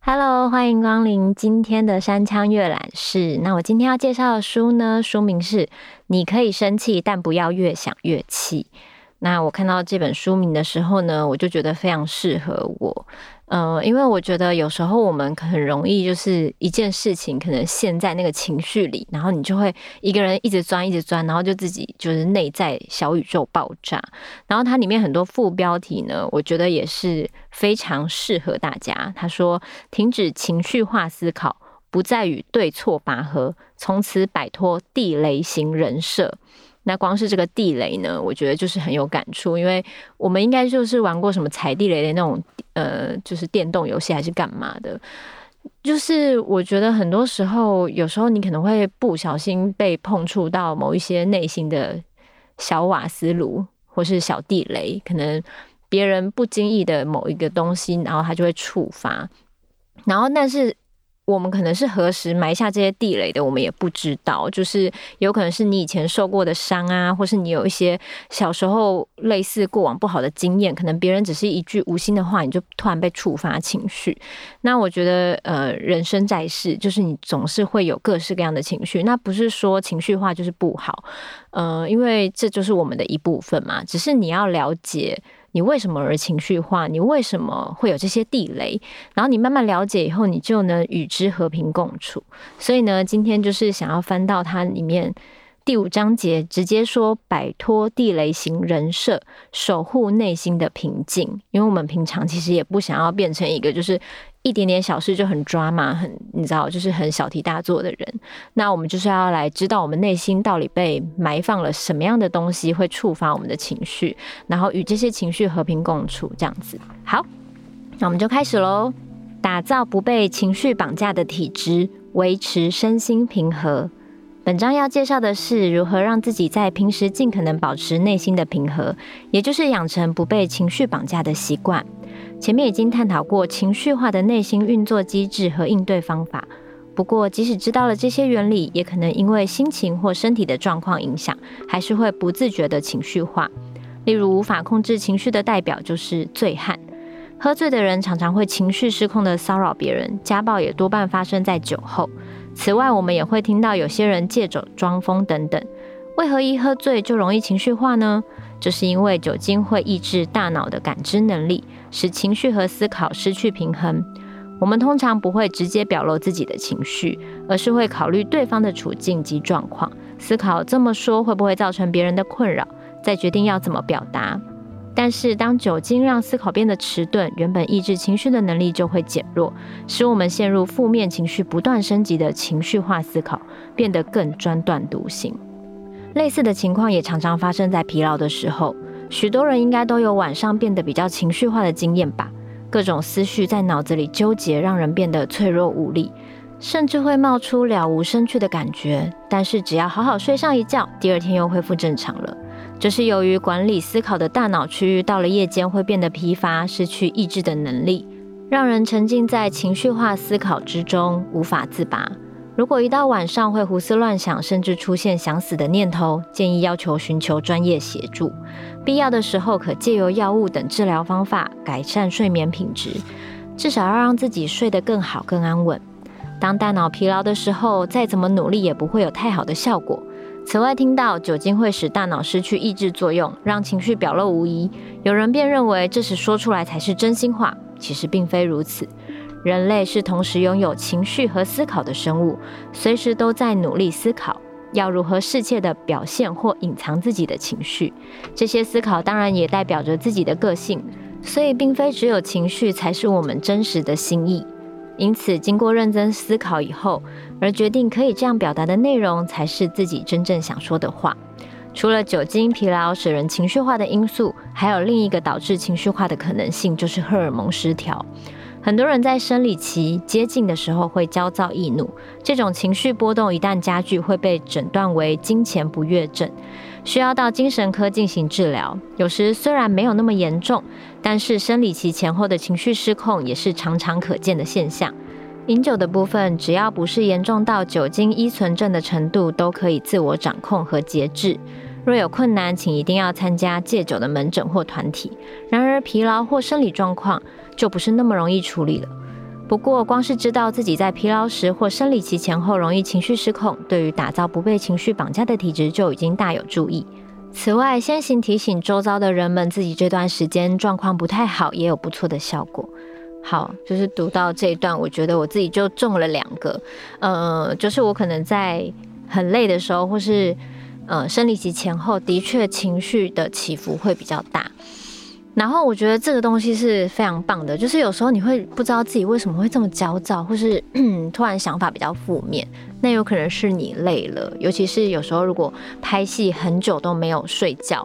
Hello，歡迎光臨今天的山羌閱覽室。那我今天要介紹的書呢，書名是《你可以生氣，但不要越想越氣》。那我看到這本書名的時候呢，我就覺得非常適合我。嗯、呃，因為我覺得有時候我們很容易就是一件事情可能陷在那個情緒裡，然後你就會一個人一直鑽，一直鑽，然後就自己就是內在小宇宙爆炸。然後它裡面很多副標題呢，我覺得也是非常適合大家。他說：“停止情緒化思考，不再與對錯拔河，從此擺脫地雷型人設。”那光是這個地雷呢，我覺得就是很有感觸，因為我們應該就是玩過什麼踩地雷的那種，呃，就是電動遊戲還是幹嘛的，就是我覺得很多時候，有時候你可能會不小心被碰觸到某一些內心的小瓦斯爐，或是小地雷，可能別人不經意的某一個東西，然後它就會觸發，然後但是。我們可能是何時埋下這些地雷的，我們也不知道。就是有可能是你以前受過的傷啊，或是你有一些小時候類似過往不好的經驗，可能別人只是一句無心的話，你就突然被觸發情緒。那我覺得，呃，人生在世，就是你總是會有各式各樣的情緒。那不是說情緒化就是不好，呃，因為這就是我們的一部分嘛。只是你要了解。你為什麼而情緒化？你為什麼會有這些地雷？然後你慢慢了解以後，你就能與之和平共處。所以呢，今天就是想要翻到它裡面。第五章節直接說，擺脫地雷型人設，守護內心的平靜。因為我們平常其實也不想要變成一個就是一點點小事就很抓馬，很你知道，就是很小題大做的人。那我們就是要來知道我們內心到底被埋放了什麼樣的東西，會觸發我們的情緒，然後與這些情緒和平共處，這樣子。好，那我們就開始嘍，打造不被情緒綁架的體質，維持身心平和。本章要介紹的是如何讓自己在平時盡可能保持內心的平和，也就是養成不被情緒綁架的習慣。前面已經探討過情緒化的內心運作機制和應對方法，不過即使知道了這些原理，也可能因為心情或身體的狀況影響，還是會不自覺的情緒化。例如，無法控制情緒的代表就是醉漢，喝醉的人常常會情緒失控地騷擾別人，家暴也多半發生在酒後。此外，我們也會聽到有些人借酒裝瘋等等。為何一喝醉就容易情緒化呢？這是因為酒精會抑制大腦的感知能力，使情緒和思考失去平衡。我們通常不會直接表露自己的情緒，而是會考慮對方的處境及狀況，思考這麼說會不會造成別人的困擾，再決定要怎麼表達。但是，當酒精讓思考變得遲鈍，原本抑制情緒的能力就會減弱，使我們陷入負面情緒不斷升級的情緒化思考，變得更專斷獨行。類似的情況也常常發生在疲勞的時候。許多人應該都有晚上變得比較情緒化的經驗吧？各種思緒在腦子裡糾結，讓人變得脆弱無力，甚至會冒出了無生趣的感覺。但是，只要好好睡上一覺，第二天又恢復正常了。這是由於管理思考的大腦區域到了夜間會變得疲乏，失去抑制的能力，讓人沉浸在情緒化思考之中，無法自拔。如果一到晚上會胡思亂想，甚至出現想死的念頭，建議要求尋求專業協助。必要的時候可借由藥物等治療方法改善睡眠品質，至少要讓自己睡得更好、更安穩。當大腦疲勞的時候，再怎麼努力也不會有太好的效果。此外，聽到酒精會使大腦失去抑制作用，讓情緒表露無遺，有人便認為這時說出來才是真心話。其實並非如此，人類是同時擁有情緒和思考的生物，隨時都在努力思考要如何適切地表現或隱藏自己的情緒。這些思考當然也代表着自己的個性，所以並非只有情緒才是我們真實的心意。因此，經過認真思考以後，而決定可以這樣表達的內容，才是自己真正想說的話。除了酒精疲勞使人情緒化的因素，還有另一個導致情緒化的可能性，就是荷爾蒙失調。很多人在生理期接近的時候會焦躁易怒，這種情緒波動一旦加劇，會被診斷為經前不悅症。需要到精神科進行治療。有時雖然沒有那麼嚴重，但是生理期前後的情緒失控也是常常可見的現象。飲酒的部分，只要不是嚴重到酒精依存症的程度，都可以自我掌控和節制。若有困難，請一定要參加戒酒的門診或團體。然而，疲勞或生理狀況就不是那麼容易處理了。不過，光是知道自己在疲勞時或生理期前後容易情緒失控，對於打造不被情緒綁架的體質就已經大有助益。此外，先行提醒周遭的人們自己這段時間狀況不太好，也有不錯的效果。好，就是讀到這一段，我覺得我自己就中了兩個。呃，就是我可能在很累的時候，或是呃生理期前後，的確情緒的起伏會比較大。然後我覺得這個東西是非常棒的，就是有時候你會不知道自己為什麼會這麼焦躁，或是突然想法比較負面，那有可能是你累了，尤其是有時候如果拍戲很久都沒有睡覺，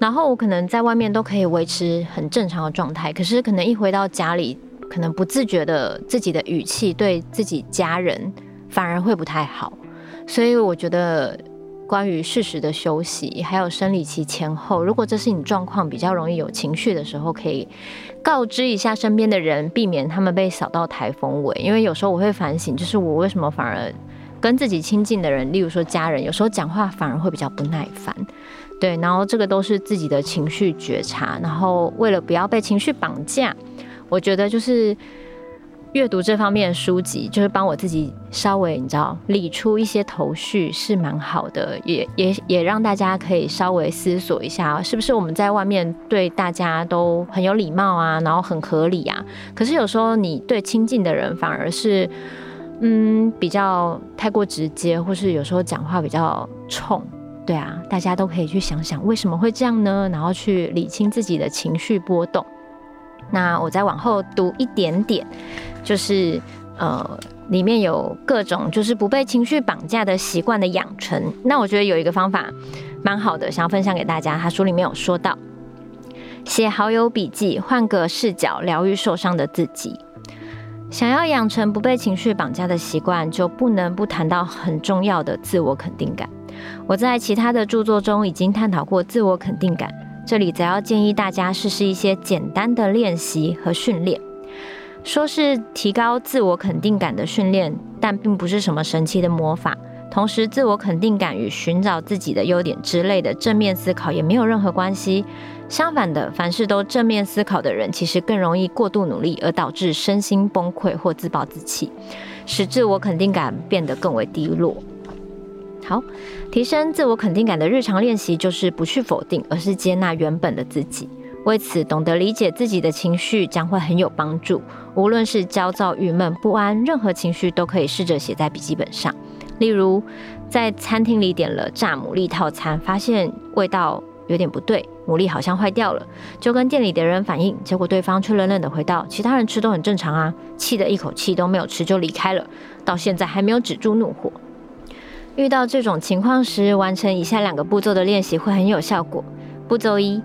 然後我可能在外面都可以維持很正常的狀態，可是可能一回到家裡，可能不自覺的自己的語氣對自己家人反而會不太好，所以我覺得。關於適時的休息，還有生理期前後，如果這是你狀況比較容易有情緒的時候，可以告知一下身邊的人，避免他們被掃到台風尾。因為有時候我會反省，就是我為什麼反而跟自己親近的人，例如說家人，有時候講話反而會比較不耐煩。對，然後這個都是自己的情緒覺察，然後為了不要被情緒綁架，我覺得就是。閱讀這方面的書籍，就是幫我自己稍微你知道理出一些頭緒是蠻好的，也也也讓大家可以稍微思索一下，是不是我們在外面對大家都很有禮貌啊，然後很合理啊。可是有時候你對親近的人反而是，嗯，比較太過直接，或是有時候講話比較衝，對啊，大家都可以去想想為什麼會這樣呢？然後去理清自己的情緒波動。那我再往後讀一點點，就是呃，裡面有各種就是不被情緒綁架的習慣的養成。那我覺得有一個方法蠻好的，想要分享給大家。他書裡面有說到，寫好友筆記，換個視角療癒受傷的自己。想要養成不被情緒綁架的習慣，就不能不談到很重要的自我肯定感。我在其他的著作中已經探討過自我肯定感。這裡則要建議大家試試一些簡單的練習和訓練，說是提高自我肯定感的訓練，但並不是什麼神奇的魔法。同時，自我肯定感與尋找自己的優點之類的正面思考也沒有任何關係。相反的，凡事都正面思考的人，其實更容易過度努力，而導致身心崩潰或自暴自棄，使自我肯定感變得更為低落。好，提升自我肯定感的日常練習就是不去否定，而是接納原本的自己。為此，懂得理解自己的情緒將會很有幫助。無論是焦躁、鬱悶、不安，任何情緒都可以試着寫在筆記本上。例如，在餐廳裡點了炸牡蠣套餐，發現味道有點不對，牡蠣好像壞掉了，就跟店裡的人反映，結果對方卻冷冷的回道：“其他人吃都很正常啊。”氣得一口氣都沒有吃就離開了，到現在還沒有止住怒火。遇到這種情況時，完成以下兩個步驟的練習會很有效果。步驟一，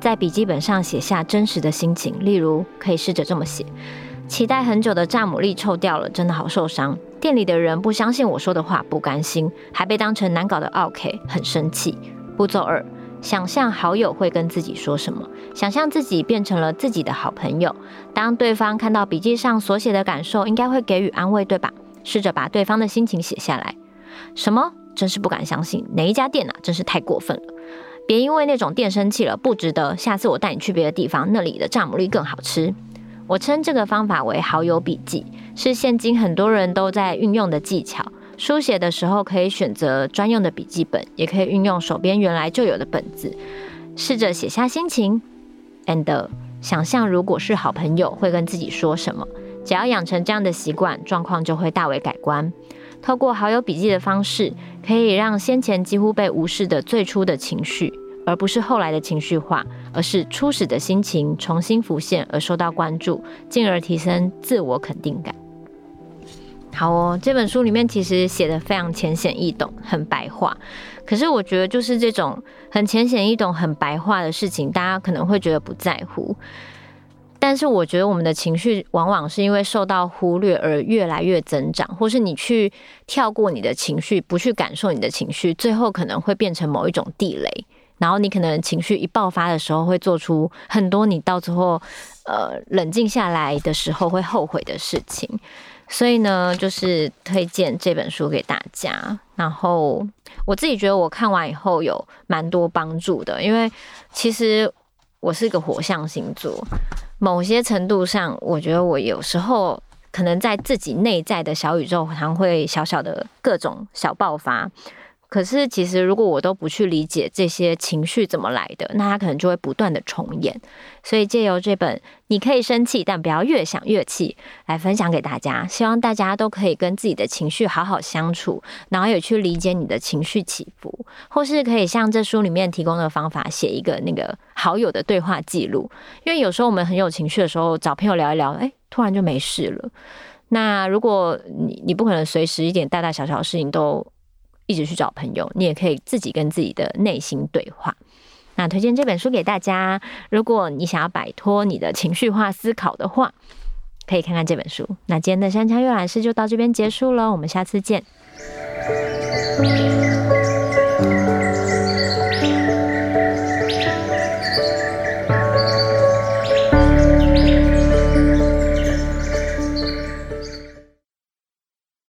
在筆記本上寫下真實的心情，例如可以試着這麼寫：期待很久的炸牡蠣臭掉了，真的好受傷。店裡的人不相信我說的話，不甘心，還被當成難搞的奧客，很生氣。步驟二，想象好友會跟自己說什麼，想象自己變成了自己的好朋友，當對方看到筆記上所寫的感受，應該會給予安慰，對吧？試着把對方的心情寫下來。什麼？真是不敢相信！哪一家店呢？啊？真是太過分了！別因為那種店生氣了，不值得。下次我帶你去別的地方，那裡的炸牡蠣更好吃。我稱這個方法為好友筆記，是現今很多人都在運用的技巧。書寫的時候可以選擇專用的筆記本，也可以運用手邊原來就有的本子，試着寫下心情。And，想象如果是好朋友會跟自己說什麼？只要養成這樣的習慣，狀況就會大為改觀。透過好友筆記的方式，可以讓先前幾乎被無視的最初的情緒，而不是後來的情緒化，而是初始的心情重新浮現而受到關注，進而提升自我肯定感。好哦，這本書裡面其實寫得非常淺顯易懂，很白話。可是我覺得，就是這種很淺顯易懂、很白話的事情，大家可能會覺得不在乎。但是我覺得我們的情緒往往是因為受到忽略而越來越增長，或是你去跳過你的情緒，不去感受你的情緒，最後可能會變成某一種地雷。然後你可能情緒一爆發的時候，會做出很多你到最後呃冷靜下來的時候會後悔的事情。所以呢，就是推薦這本書給大家。然後我自己覺得我看完以後有蠻多幫助的，因為其實。我是一個火象星座，某些程度上，我覺得我有時候可能在自己內在的小宇宙，還會小小的各種小爆發。可是，其實如果我都不去理解這些情緒怎麼來的，那他可能就會不斷的重演。所以，借由這本《你可以生氣，但不要越想越氣》來分享給大家，希望大家都可以跟自己的情緒好好相處，然後也去理解你的情緒起伏，或是可以像這書裡面提供的方法，寫一個那個好友的對話記錄。因為有時候我們很有情緒的時候，找朋友聊一聊，哎，突然就沒事了。那如果你你不可能隨時一點大大小小的事情都。一直去找朋友，你也可以自己跟自己的內心對話。那推薦這本書給大家，如果你想要擺脫你的情緒化思考的話，可以看看這本書。那今天的山羌閱覽室就到這邊結束了，我們下次見。